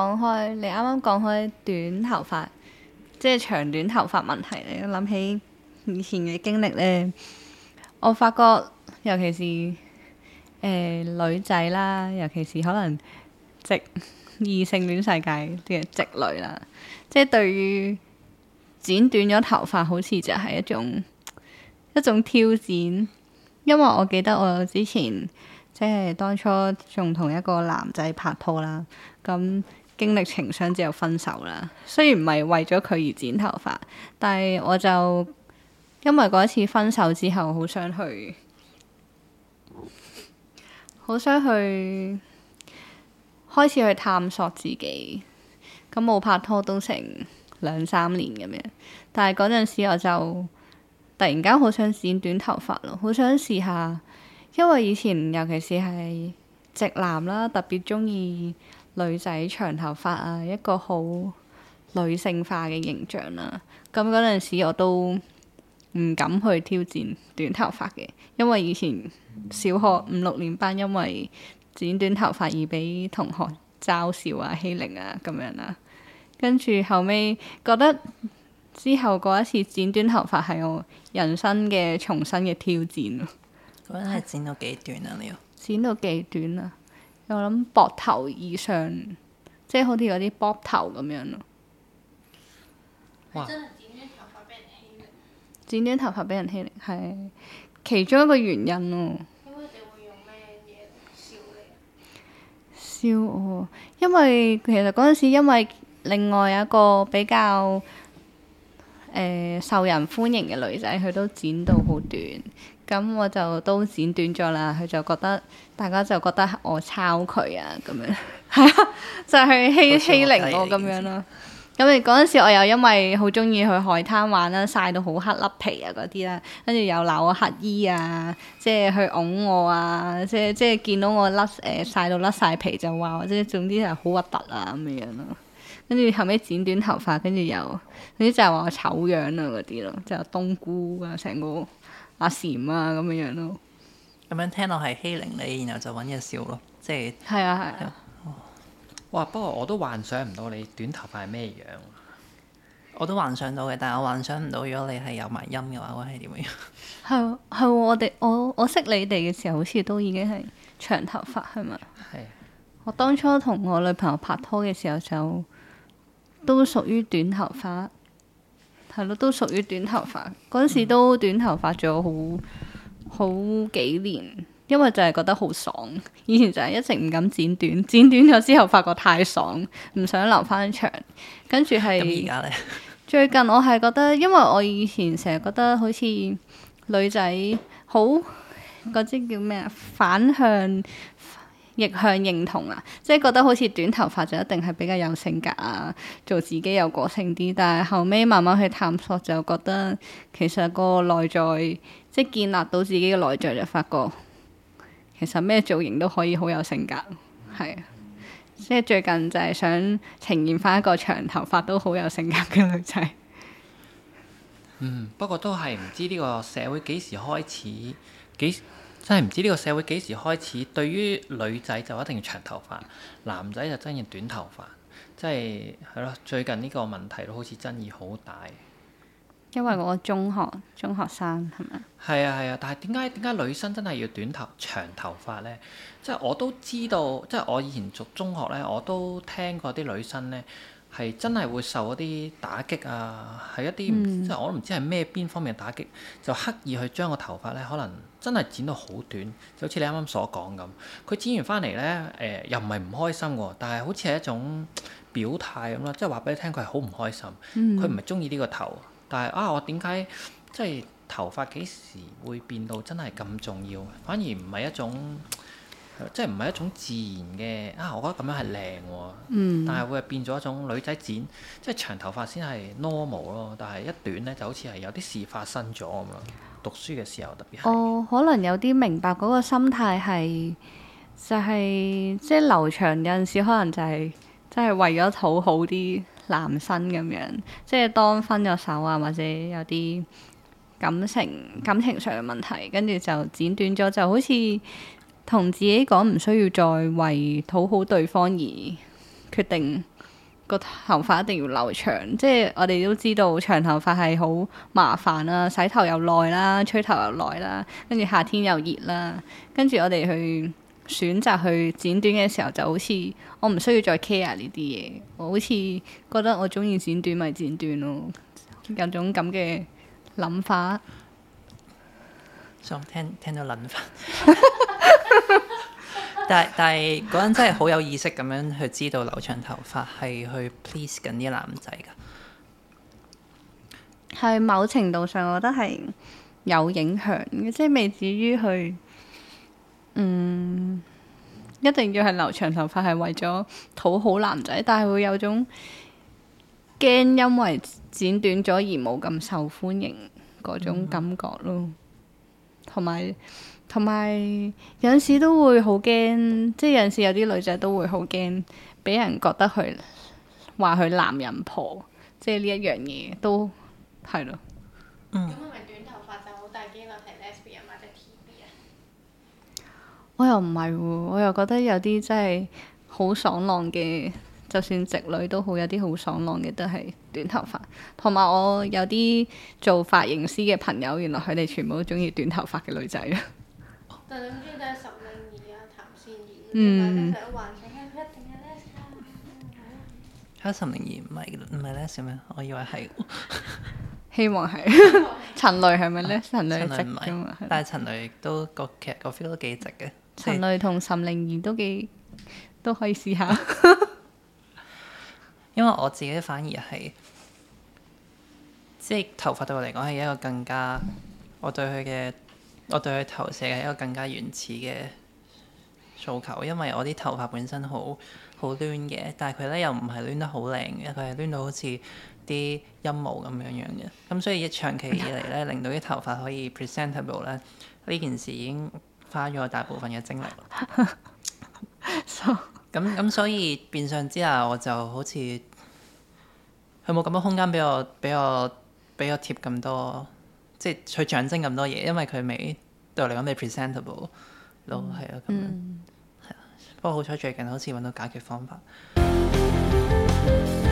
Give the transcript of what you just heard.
講開，你啱啱講開短頭髮，即係長短頭髮問題咧，你諗起以前嘅經歷咧， 我發覺尤其是誒、呃、女仔啦，尤其是可能直異性戀世界嘅直女啦，即係對於剪短咗頭髮，好似就係一種一種挑戰，因為我記得我之前即係當初仲同一個男仔拍拖啦，咁。經歷情傷之後分手啦，雖然唔係為咗佢而剪頭髮，但係我就因為嗰一次分手之後，好想去，好想去開始去探索自己。咁冇拍拖都成兩三年咁樣，但係嗰陣時我就突然間好想剪短頭髮咯，好想試下，因為以前尤其是係直男啦，特別中意，女仔長頭髮啊，一個好女性化嘅形象啦，啊。咁嗰陣時我都唔敢去挑戰短頭髮嘅，因為以前小學五六年班，因為剪短頭髮而俾同學嘲笑啊、欺凌啊咁樣啦，啊。跟住後尾覺得之後嗰一次剪短頭髮係我人生嘅重新嘅挑戰咯。嗰係剪到幾短啊？你要剪到幾短啊？我諗膊頭以上，即係好似嗰啲膊頭咁樣咯。哇剪短頭髮俾人欺凌，剪短頭髮俾人欺凌係其中一個原因咯。因為你會用咩嘢嚟笑你？笑我，因為其實嗰陣時，因為另外有一個比較、呃、受人歡迎嘅女仔，佢都剪到好短。咁我就都剪短咗啦，佢就覺得大家就覺得我抄佢啊，咁樣，係啊， 就係去欺欺凌我咁 樣咯。咁你嗰陣時，我又因為好中意去海灘玩啦，曬到好黑甩皮啊嗰啲啦，跟住又鬧我乞衣啊，即係去拱我啊，即係即係見到我甩誒、呃、曬到甩晒皮就話，或者總之係好核突啊咁嘅樣咯。跟住後尾剪短頭髮，跟住又總之就話、是、我醜樣啊嗰啲咯，就係、是、冬菇啊，成個。阿禪啊，咁樣樣咯，咁樣聽落係欺凌你，然後就搵嘢笑咯，即係係啊係啊，啊哇！不過我都幻想唔到你短頭髮係咩樣，我都幻想到嘅，但係我幻想唔到如果你係有埋音嘅話，我係點樣？係係、啊啊、我哋我我識你哋嘅時候，好似都已經係長頭髮係咪？係。啊、我當初同我女朋友拍拖嘅時候就都屬於短頭髮。係咯，都屬於短頭髮。嗰陣時都短頭髮咗好好幾年，因為就係覺得好爽。以前就係一直唔敢剪短，剪短咗之後發覺太爽，唔想留翻長。跟住係。咁而家咧？最近我係覺得，因為我以前成日覺得好似女仔好嗰啲叫咩啊，反向。逆向認同啊，即係覺得好似短頭髮就一定係比較有性格啊，做自己有個性啲。但係後尾慢慢去探索，就覺得其實個內在，即係建立到自己嘅內在，就發覺其實咩造型都可以好有性格，係啊。即係最近就係想呈現翻一個長頭髮都好有性格嘅女仔。嗯，不過都係唔知呢個社會幾時開始幾時？真係唔知呢個社會幾時開始，對於女仔就一定要長頭髮，男仔就真要短頭髮。即係係咯，最近呢個問題都好似爭議好大。因為我個中學中學生係咪？係啊係啊，但係點解點解女生真係要短頭長頭髮呢？即係我都知道，即係我以前讀中學呢，我都聽過啲女生呢。係真係會受一啲打擊啊！係一啲即係我都唔知係咩邊方面嘅打擊，就刻意去將個頭髮咧，可能真係剪到好短，就好似你啱啱所講咁。佢剪完返嚟咧，誒、呃、又唔係唔開心喎，但係好似係一種表態咁咯，即係話俾你聽佢係好唔開心，佢唔係鍾意呢個頭，但係啊，我點解即係頭髮幾時會變到真係咁重要？反而唔係一種。即係唔係一種自然嘅啊？我覺得咁樣係靚喎，嗯、但係會變咗一種女仔剪，即係長頭髮先係 normal 咯。但係一短咧，就好似係有啲事發生咗咁咯。讀書嘅時候特別係，我、哦、可能有啲明白嗰個心態係就係即係留長有陣時，可能就係即係為咗討好啲男生咁樣，即、就、係、是、當分咗手啊，或者有啲感情感情上嘅問題，跟住就剪短咗，就好似～同自己講唔需要再為討好對方而決定個頭髮一定要留長，即係我哋都知道長頭髮係好麻煩啦，洗頭又耐啦，吹頭又耐啦，跟住夏天又熱啦，跟住我哋去選擇去剪短嘅時候，就好似我唔需要再 care 呢啲嘢，我好似覺得我中意剪短咪剪短咯，有種咁嘅諗法。想聽聽到諗法， 但係但係嗰陣真係好有意識咁樣去知道留長頭髮係去 please 緊啲男仔㗎，係某程度上我覺得係有影響嘅，即係未至於去嗯一定要係留長頭髮係為咗討好男仔，但係會有種驚因為剪短咗而冇咁受歡迎嗰種感覺咯。嗯同埋同埋有陣時都會好驚，即係有陣時有啲女仔都會好驚，俾人覺得佢話佢男人婆，即係呢一樣嘢都係咯。咁我咪短頭髮就好大機率係 S B 啊、嗯，或者 T B 啊。我又唔係喎，我又覺得有啲真係好爽朗嘅。就算直女都好，有啲好爽朗嘅都係短頭髮。同埋我有啲做髮型師嘅朋友，原來佢哋全部都中意短頭髮嘅女仔但知，岑啊、哦！嗯，係陳玲兒，唔係唔係咧小咩？我以為係，希望係陳蕾係咪咧？陳 蕾樂？唔係，但係陳蕾都個劇個 feel 都幾直嘅。陳蕾同岑寧兒都幾都可以試下。 因為我自己反而係，即係頭髮對我嚟講係一個更加，我對佢嘅，我對佢投射嘅一個更加原始嘅訴求。因為我啲頭髮本身好好攣嘅，但係佢咧又唔係攣得好靚嘅，佢係攣到好似啲陰毛咁樣樣嘅。咁所以一長期以嚟咧，令到啲頭髮可以 presentable 咧，呢件事已經花咗我大部分嘅精力。 so 咁咁所以變相之下，我就好似佢冇咁多空間俾我俾我俾我貼咁多，即係佢獎勵咁多嘢，因為佢未對我嚟講未 presentable 咯、嗯，係、嗯、啊咁樣，係、嗯、啊。不過好彩最近好似揾到解決方法。嗯。